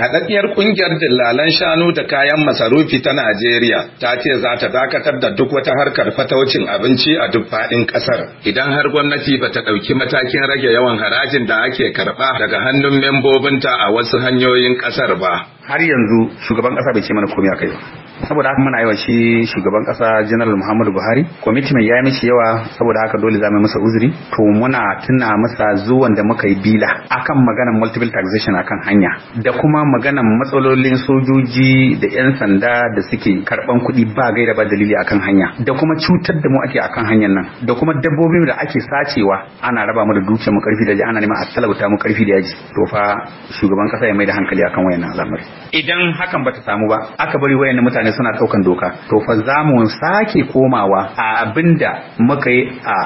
haɗaɗɗiyar ƙungiyar dillalan shanu da kayan masarufi ta Najeriya ta ce za ta dakatar da duk wata harkar fataucin abinci a duk faɗin ƙasar. Idan har gwamnati ba ta ɗauki matakin rage yawan harajin da ake karɓa daga hannun membobinta a wasu hanyoyin ƙasar ba. Har yanzu shugaban ƙasa bai ce mana komai a kai ba. saboda haka muna yawa shi shugaban kasa general muhammadu buhari kwamiti ya yi mishi yawa saboda haka dole za mu masa uzuri to muna tuna masa zuwan da muka yi bila akan maganan multiple taxation akan hanya da kuma maganan matsalolin sojoji da 'yan sanda da suke karban kuɗi ba gaira ba dalili akan hanya da kuma cutar da mu ake akan hanyar nan da kuma dabbobi da ake sacewa ana raba mu da dukiyar mu karfi da ji ana neman a talauta mu karfi da yaji to fa shugaban kasa ya mai da hankali akan wayannan al'amari idan hakan bata samu ba aka bari wayannan mutane su. suna ɗaukan doka to fa za mu sake komawa a abinda muka yi a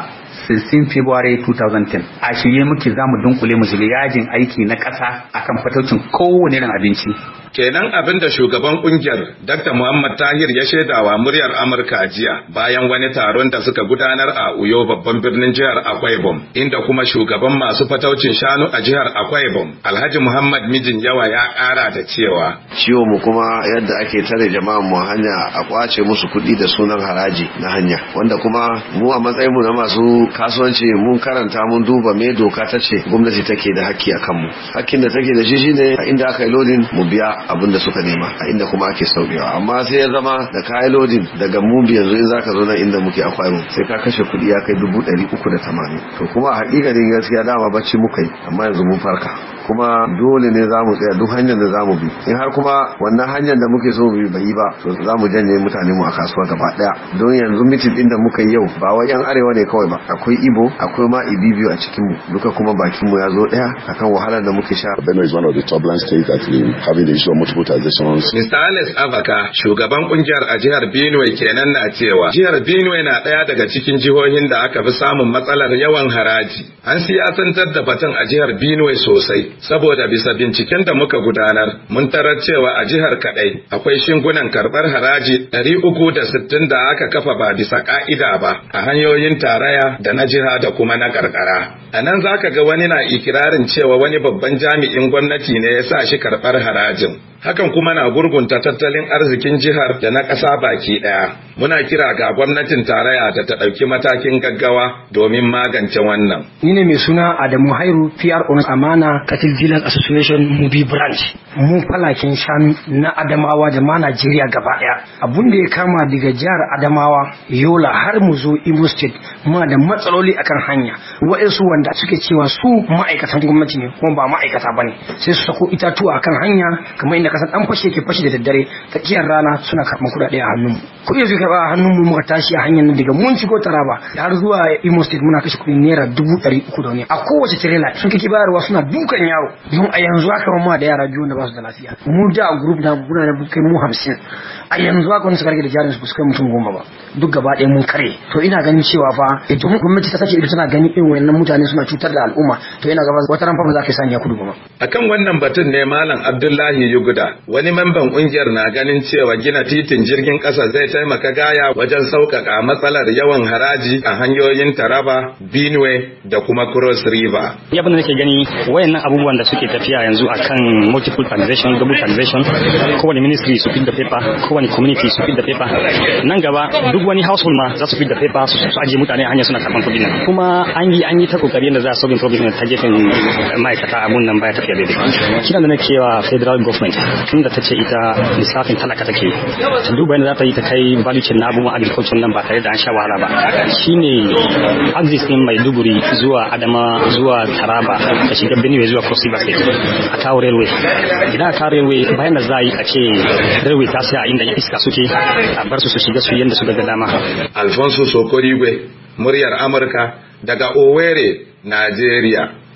16 February 2010 a shirye muke za mu dunkule mu shiga yajin aiki na ƙasa akan fataucin kowane irin abinci. Kenan abin da shugaban kungiyar Dr. Muhammad Tahir ya shaidawa muryar Amurka jiya bayan wani taron da suka gudanar a Uyo babban birnin jihar Akwaibom inda kuma shugaban masu fataucin shanu a jihar Akwaibom Alhaji Muhammad Mijin Yawa ya ƙara da cewa ciwo mu kuma yadda ake tare jama'an mu hanya a kwace musu kuɗi da sunan haraji na hanya wanda kuma mu a matsayin mu na masu kasuwanci mun karanta mun duba me doka ta ce gwamnati take da hakki a kanmu hakkin da take da shi shine a inda aka yi lodin mu biya abin da suka nema a inda kuma ake saukewa amma sai ya zama da ka yi lodin daga mu yanzu in zaka zo nan inda muke akwai mu sai ka kashe kuɗi ya kai dubu ɗari uku da tamanin to kuma a hakikanin gaskiya dama bacci muka yi amma yanzu mun farka kuma dole ne za mu tsaya duk hanyar da za mu bi in har kuma wannan hanyar da muke so mu bi bai yi ba to za mu janye mutane mu a kasuwa gaba ɗaya don yanzu mitin ɗin da muka yi yau ba wai yan arewa ne kawai ba akwai ibo akwai ma ibibiyo a cikin duka kuma bakin mu ya zo daya akan wahalar da muke sha Benue is one of the land states that is having the issue of multiple taxations Mr. Alex Avaka shugaban kungiyar a jihar Benue kenan na cewa jihar Benue na daya daga cikin jihohin da aka fi samun matsalar yawan haraji an siyasantar da batun a jihar Benue sosai saboda bisa binciken da muka gudanar mun tarar cewa a jihar kadai akwai shingunan karbar haraji 360 da aka kafa ba bisa ka'ida ba a hanyoyin taraya da na jiha da kuma na karkara a nan za ka ga wani na ikirarin cewa wani babban jami'in gwamnati ne ya sa shi karɓar harajin hakan kuma na gurgunta tattalin arzikin jihar da na ƙasa baki ɗaya. Muna kira ga gwamnatin tarayya da ta ɗauki matakin gaggawa domin magance wannan. Ni ne mai suna Adamu Hairu, PR on Amana Cattle Dealers Association Mubi Branch. Mun falakin shanu na Adamawa da ma Najeriya gaba ɗaya. Abun da ya kama daga jihar Adamawa, Yola har mu zo Imo State muna da matsaloli akan hanya. Wa'insu wanda suke cewa su ma'aikatan gwamnati ne kuma ba ma'aikata bane Sai su sako itatuwa akan hanya kamar inda kasan dan fashe ke fashe da daddare tsakiyar rana suna karɓan kuɗaɗe a hannun kuɗi iya suke karɓa a hannun mu muka tashi a hanyar nan daga mun shigo taraba har zuwa imo state muna kashe kuɗi naira dubu ɗari uku da wani a kowace tirela sun kake bayarwa suna dukan yaro don a yanzu haka ma da yara biyu da ba su da lafiya mu da a group na muna da kai mu hamsin a yanzu haka wani suka rage da jarin su kai mutum goma ba duk gaba ɗaya mun kare to ina ganin cewa fa idan gwamnati ta sake ido tana ganin irin wayannan mutane suna cutar da al'umma to ina gaba wata ran fa ba za ka sanya kudu ba akan wannan batun ne malam Abdullahi Yugo Dauda, wani mamban kungiyar na ganin cewa gina titin jirgin kasa zai taimaka gaya wajen sauƙaƙa matsalar yawan haraji a hanyoyin Taraba, Benue da kuma Cross River. Yabin da nake gani wayannan abubuwan da suke tafiya yanzu akan multiple taxation, double taxation, kowane ministry su fit da paper, kowane community su fit da paper. Nan gaba duk wani household ma za su fit da paper su ajiye mutane hanya suna karɓan kuɗi Kuma an yi an yi ta kokari da za a solving problem ta gefen ma'aikata abun nan baya tafiya daidai. Kiran da nake wa federal government tunda ta ce ita lissafin talaka take ta duba yadda za ta yi ta kai balicin na abubuwan agriculture nan ba tare da an sha wahala ba shine axis din maiduguri zuwa adama zuwa taraba da shiga benue zuwa cross river state a kawo railway idan a kawo railway bayan da za a yi a ce railway ta sai a inda iska suke a bar su su shiga su yadda su ga dama alfonso gwe muryar amurka daga owerri nigeria